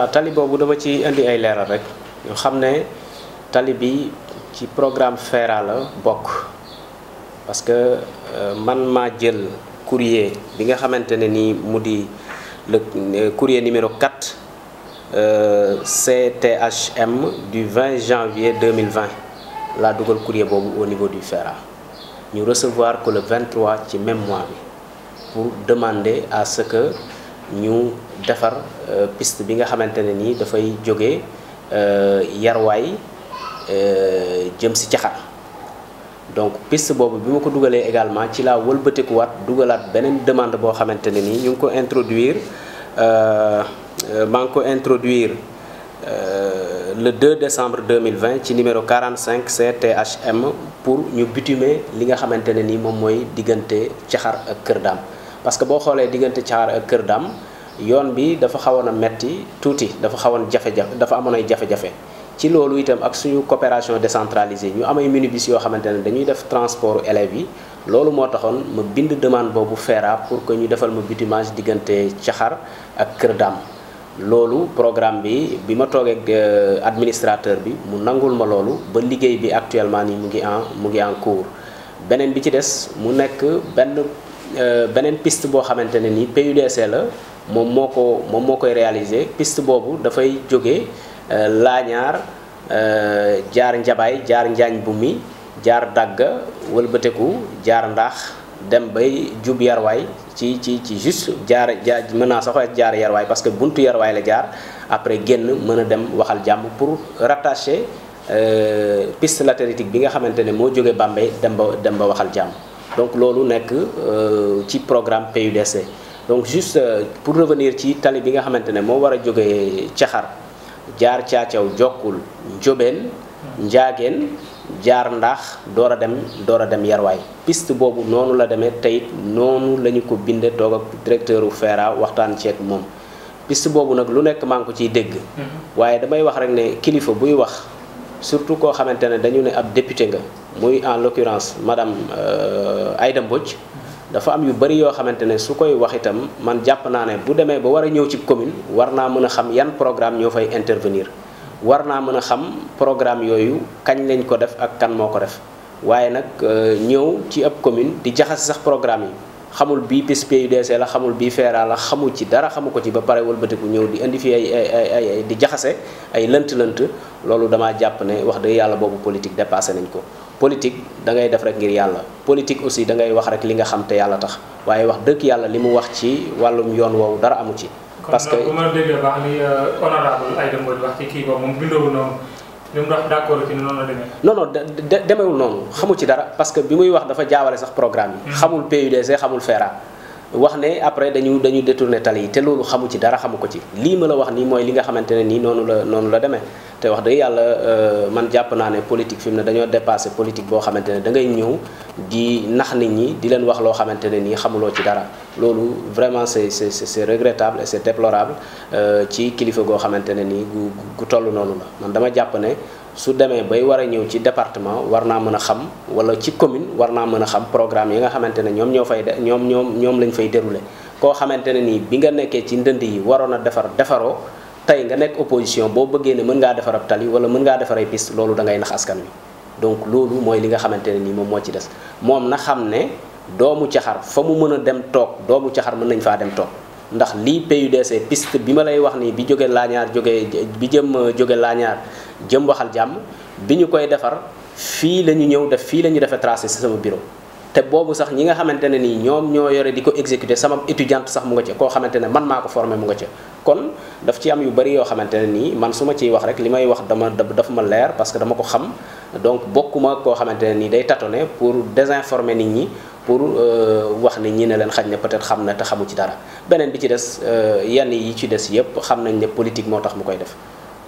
waaw tali boobu dama ci indi ay leeral rek ñu xam ne tali bi ci programme FERA la bokk parce que euh, man maa jël courrier bi nga xamante ne nii mu di le euh, courrier numéro 4 euh, CTHM du 20 janvier 2020 laa dugal courrier boobu au niveau du FERA ñu recevoir que le 23 ci même mois bi pour demander à ce que ñu defar euh, piste bi nga xamante ne nii dafay jóge euh, yarwaay euh, jëm si caxar donc piste boobu bi ma ko dugalee également ci laa wëlbatikuwaat dugalaat beneen demande boo xamante ne nii ñu ngi ko introduire maa ngi ko introduire le 2 décembre 2020 ci numéro 45 CTHM pour ñu bitumer li nga xamante ne nii moom mooy diggante caxar ak Kër Daam parce que boo xoolee diggante Thiaroye ak Kër Dame yoon bi dafa xawoon a metti tuuti dafa xawoon jafe-jafe dafa amoon ay jafe-jafe ci loolu itam ak suñu coopération décentralisée ñu amay minibus yoo xamante ne dañuy def transport élèves yi loolu moo taxoon ma bind demande boobu FERA pour que ñu defal ma bitumage diggante Caxar ak Kër Dame loolu programme bi bi ma toogee ak euh, administrateur bi mu nangul ma loolu ba liggéey bi actuellement nii mu ngi en mu en cours beneen bi ci des mu Euh, beneen piste boo xamante ne ni PUDC la moom moo ko moom moo koy réaliser pist boobu dafay jóge euh, Laañaar euh, jaar Njabaay jaar Njaañ bu mi jaar Dagga wëlbateku jaar Ndax dem bay jub yarwaay ci ci ci juste jaar jaar mën naa sax jaar yarwaay parce que buntu yarwaay la jaar après génn mën a dem waxal jàmm pour rattacher piste latéritique bi nga xamante ne moo jóge Bambey dem ba dem ba waxal jàmm donc loolu nekk euh, ci programme PUDC donc juste euh, pour revenir ci tali bi nga xamante ne moo war a jóge Caxar jaar Caacaw Jokkul Njóobeen Njaageen jaar Ndax door a dem door a dem Yarwaay piste boobu noonu la demee teyit noonu la ñu ko bindee toog ak directeur u FERA waxtaan ceeg moom piste boobu nag lu nekk maa ngi ko ciy dégg mhm. waaye damay wax rek ne kilifa buy wax surtout koo xamante ne dañu ne ab député nga muy en l'occurrence madame euh, Aïda Mbodj dafa am yu bëri yoo xamante ne su koy wax itam man jàpp naa ne bu demee ba war a ñëw ci commune war naa mën a xam yan programme ñoo fay intervenir war naa mën a xam programme yooyu kañ lañ ko def ak kan moo ko def waaye nag euh, ñëw ci ab commune di jaxase sax programme yi xamul bii pis PUDC la xamul bii feeraa la xamu ci dara xamu ko ci ba pare wëlbatiku ñëw di indi fi ay ay ay di jaxase ay lënt-lënt loolu damaa jàpp ne wax dëgg yàlla boobu politique dépassé nañ ko politique da ngay def rek ngir yàlla politique aussi da ngay wax rek li nga xam te yàlla tax waaye wax dëgg yàlla li mu wax ci wàllum yoon woowu dara amu ci parce que bu ma déggee euh, wax ci kii boobu moom bindoo noonu ñoom ndax d'accord ci noonu la demeewul noonu xamu ci dara parce que bi muy wax dafa jaawale sax programme yi. Mm-hmm. xamul PUDC xamul FERA. wax ne après dañu dañu détourné tali yi te loolu xamu ci dara xamu ko ci lii ma la wax nii mooy li nga xamante ne nii noonu la noonu la demee te wax dëgg yàlla euh, man jàpp naa ne politique fi mu ne dañoo dépassé politique boo xamante ne dangay ñëw di nax nit ñi di leen wax loo xamante ne nii xamuloo ci dara loolu vraiment c'est c'est c'est regrettable e c'est déplorable euh, ci kilifa goo xamante ne nii gu gu toll noonu la man dama jàpp ne su demee bay war a ñëw ci département war naa mën a xam wala ci commune war naa mën a xam programme yi nga xamante ne ñoom ñoo fay de ñoom ñoom ñoom lañ fay déroulé koo xamante ne nii bi nga nekkee ci ndënd yi waroon a defar defaroo tey nga nekk opposition boo bëggee ne mën ngaa defarab tali wala mën ngaa defar ay loolu da ngay nax askan wi donc loolu mooy li nga xamante ne nii moom moo ci des moom na xam ne doomu xar fa mu mën a dem toog doomu caxar mën nañ faa dem toog ndax lii PUDC piste bi ma lay wax nii bi jóge laañaar jóge bi jëm euh, jóge laañaar jëm waxal jàmm bi ñu koy defar fii la ñu ñëw def fii la ñu defee tracé si sama bureau te boobu sax ñi nga xamante ne nii ñoom ñoo yore di ko exécuter sama étudiante sax mu nga ca koo xamante ne man maa ko formé mu nga ca kon daf ci am yu bari yoo xamante ne nii man su ma ciy wax rek li may wax dama dafa ma leer parce que dama ko xam donc bokkuma koo xamante ne nii day tâtonner pour désinformer nit ñi pour euh, wax ni ñi ne leen xaj na peut-être xam na te xamu ci dara beneen bi ci des euh, yenn yi ci des yëpp xam nañ ne politique moo tax mu koy def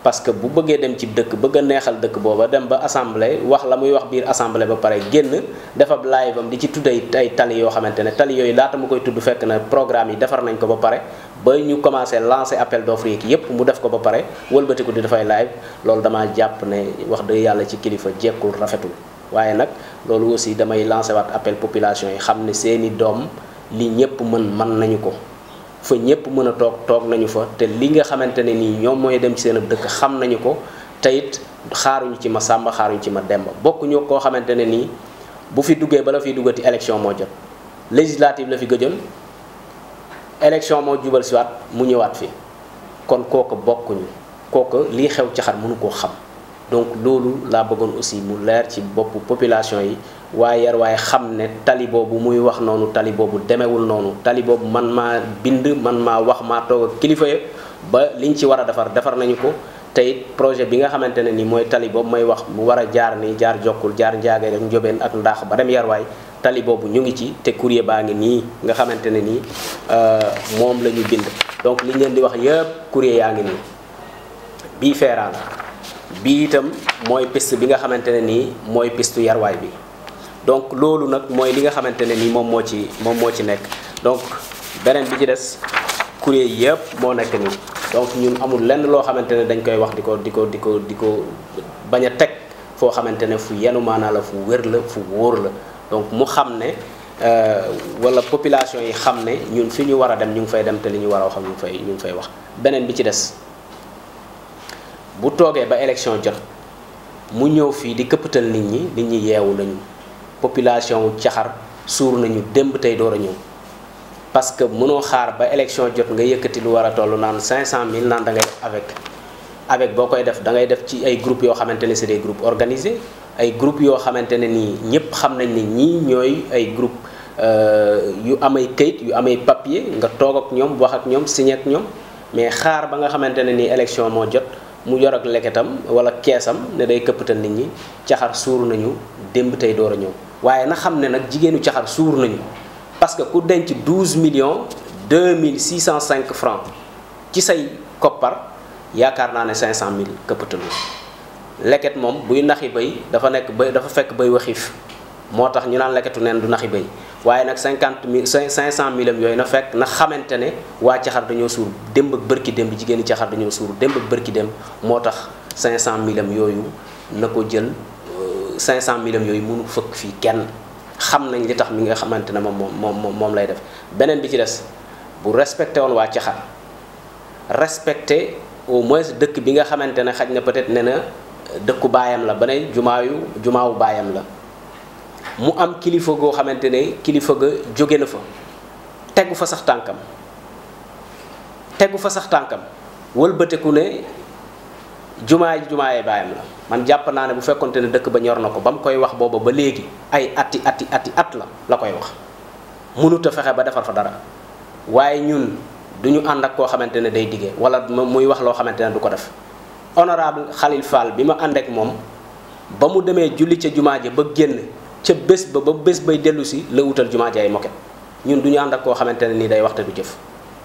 parce que bu bëggee dem ci dëkk bëgg a neexal dëkk booba dem ba assemble wax la muy wax biir assemblée ba pare génn dafa live am di ci tudd ay tali yoo xamante ne tali yooyu laata mu koy tudd fekk na programme yi defar nañ ko ba pare ba ñu commencé lancé appel d'offre yi yépp mu def ko ba pare wëlbatiku di dafay live loolu damaa jàpp ne wax dëgg yàlla ci kilifa jekkul rafetul waaye nag loolu aussi damay lancé waat appel population yi xam ne seeni doom li ñëpp mën mën nañu ko fa ñëpp mën a toog toog nañu fa te li nga xamante ne nii ñoom mooy dem ci seen dëkk xam nañu ko te it xaaruñu ci ma sàmba xaaruñu ci ma demba bokkuñu koo xamante ne nii bu fi duggee bala fiy duggati élection moo jot législative la fi gëjoon élection moo jubal si waat mu ñëwaat fi kon kooku bokkuñu kooku lii xew caxar mënu koo xam donc loolu laa bëggoon aussi mu leer ci boppu population yi waaye yar waaye xam ne tali boobu muy wax noonu tali boobu demewul noonu tali boobu man maa bind man maa wax maa toog kilifa yëpp ba liñ ci war a defar defar nañu ko te projet bi nga xamante ne ni mooy tali boobu wax mu war a jaar ni jaar jokkul jaar njaagay rek njóbeen ak ndax ba dem yarwaay tali boobu ñu ngi ci te courrier baa ngi nii nga xamante ne nii euh, moom la ñu bind donc liñ leen di wax yëpp kurée yaa ngi nii bii feeraa bii itam mooy piste bi nga xamante ne nii mooy pistu yarwaay bi donc loolu nag mooy li nga xamante ne nii moom moo ci moom moo ci nekk donc beneen bi ci des kuréel yëpp moo nekk nii donc ñun amul lenn loo xamante ne dañ koy wax di ko di ko di ko di ko bañ a teg foo xamante ne fu yenu maanaa la fu wér la fu wóor la donc mu xam ne euh, walla population yi xam ne ñun fi ñu war a dem ñu ngi fay dem te li ñu war a wax ñu ngi fay ñu ngi fay wax beneen bi ci des bu toogee ba élection jot mu ñëw fii di këppatal nit ñi nit ñi yeewu nañu population wu caxar suur nañu démb tey door a ñëw parce que mënoo xaar ba élection jot nga yëkkati lu war a toll naan 500000 naan da ngay def avec avec boo koy def da ngay def ci ay groupes yoo xamante ne c'est des groupes organisés ay groupes yoo xamante ne nii ñëpp xam nañ ni ñii ñooy ay groupe euh, yu am amay kayit yu amay papier nga toog ak ñoom wax ak ñoom signé ak ñoom mais xaar ba nga xamante ne nii élection moo jot. mu yor ak leketam wala keesam ne day këppatal nit ñi caxar suur nañu démb tey door a ñëw waaye na xam ne nag jigéenu caxar suur nañu parce que ku denc 12 millions 2605 francs ci say koppar yaakaar naa ne 500000 këppatalu leket moom buy naxi bay dafa nekk bay dafa fekk bay waxiif moo tax ñu naan leketu neen du naxi bay waaye nag cinquante mille cinq cent mille am yooyu na fekk na xamante ne waa caxar dañoo suur démb ak bërki démb jigéen ñi caxar dañoo suur démb ak bërki démb moo tax cinq cent mille am yooyu na ko jël euh, cinq cent mille am yooyu mënu fëkk fii kenn xam nañ li tax mi nga xamante ne moom moom moom moom lay def beneen bi ci des bu respecté woon waa caxar respecté au moins dëkk bi nga xamante ne xaj na peut-être ne na dëkku baayam la ba ne jumaayu jumaawu baayam la mu am kilifa goo xamante ne kilifa ga jóge na fa tegu fa sax tànkam tegu fa sax tànkam wëlbateku ne jumaay jumaaye baayam la man jàpp naa ne bu fekkante ne dëkk ba ñor na ko ba mu koy wax booba ba léegi ay atti atti at la la koy wax mënut a fexe ba defar fa dara waaye ñun du ñu ànd ak koo xamante ne day diggee wala muy wax loo xamante ne du ko def honorable Khalil Fall bi ma ànd ak moom ba mu demee julli ca jumaa ji ba génn ca bés ba ba bés bay dellu si la wutal jumaa ji ay ñun du ñu ànd ak koo xamante ne nii day wax te du jëf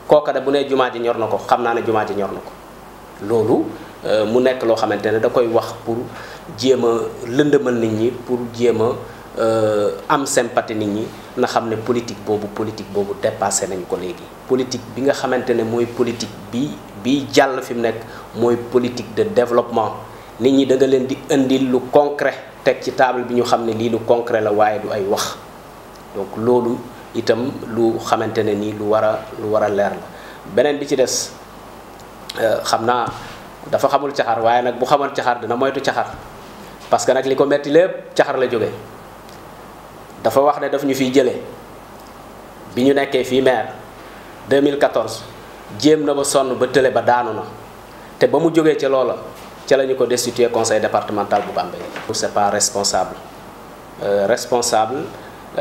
kooka bu nee jumaa ji ñor na ko xam naa ne jumaa ji ñor na ko loolu euh, mu nekk loo xamante ne da koy wax pour jéem a lëndëmal nit ñi pour jéem a euh, am sympathie nit ñi na xam ne politique boobu politique boobu dépassé nañu ko léegi politique bi nga xamante ne mooy politique bi bi jàll fi mu nekk mooy politique de développement nit ñi da leen di indil lu concret teg ci table bi ñu xam ne lii lu concret la waaye du ay wax donc loolu itam lu xamante ne nii lu war a lu war a leer la beneen bi ci des euh, xam naa dafa xamul caxar waaye nag bu xamoon caxar dana moytu caxar parce que nag li ko metti lépp caxar la jóge dafa wax ne daf ñu fi jële bi ñu nekkee fii maire 2014 jéem na ba sonn ba tële ba daanu na te ba mu jógee ca loola ca la ñu ko destitué conseil départemental bu Bambey. c'est pas responsable euh, responsable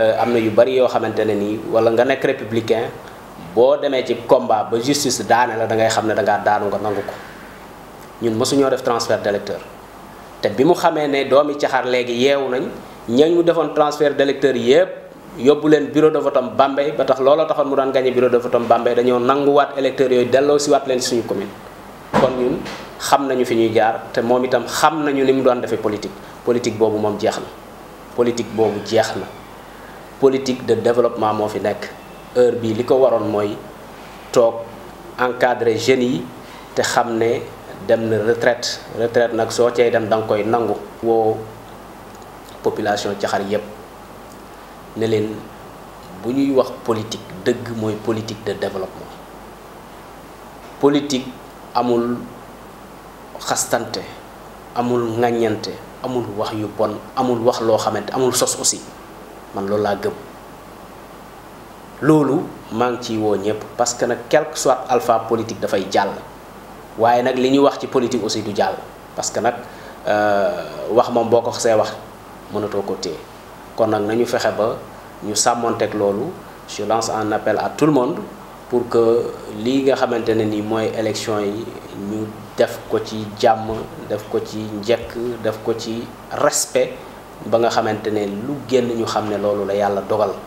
euh, am na yu bari yoo xamante ne nii wala nga nekk républicain boo demee ci combat ba justice daane la da ngay xam ne da ngaa daanu nga nangu ko ñun mësuñoo def transfert d'électeur te bi mu xamee ne doomi caxar léegi yeewu nañ ñañ ñu defoon transfert d'électeur yépp yóbbu leen bureau de vote am Bambey ba tax looloo taxoon mu daan gagné bureau de vote am Bambey dañoo nanguwaat électeurs yooyu delloo siwaat leen suñu commune xam nañu fi ñuy jaar te moom itam xam nañu ni mu doon defee politique politique boobu moom jeex na politique boobu jeex na politique de développement moo fi nekk heure bii li ko waroon mooy toog encadrer jeunes yi te xam ne dem na retraite retraite nag soo cee dem da koy nangu woo population Caxar yépp ne leen bu ñuy wax politique dëgg mooy politique de développement politique amul xastante amul ŋàññante amul wax yu bon amul wax loo xamante amul sos aussi man loolu laa gëm loolu maa ngi ciy woo ñëpp parce que nag quelque soit alpha politique dafay jàll waaye nag li ñuy wax ci politique aussi du jàll parce que nag euh, wax moom boo ko see wax mënatoo ko téye kon nag nañu fexe ba ñu sàmmonteeg loolu je lance en appel à tout le monde pour que lii nga xamante ne nii mooy élection yi ñu def ko ci jàmm def ko ci njekk def ko ci respect ba nga xamante ne lu génn ñu xam ne loolu la yàlla dogal